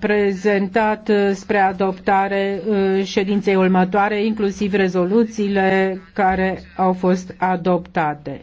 prezentat uh, spre adoptare uh, ședinței următoare, inclusiv rezoluțiile care au fost adoptate.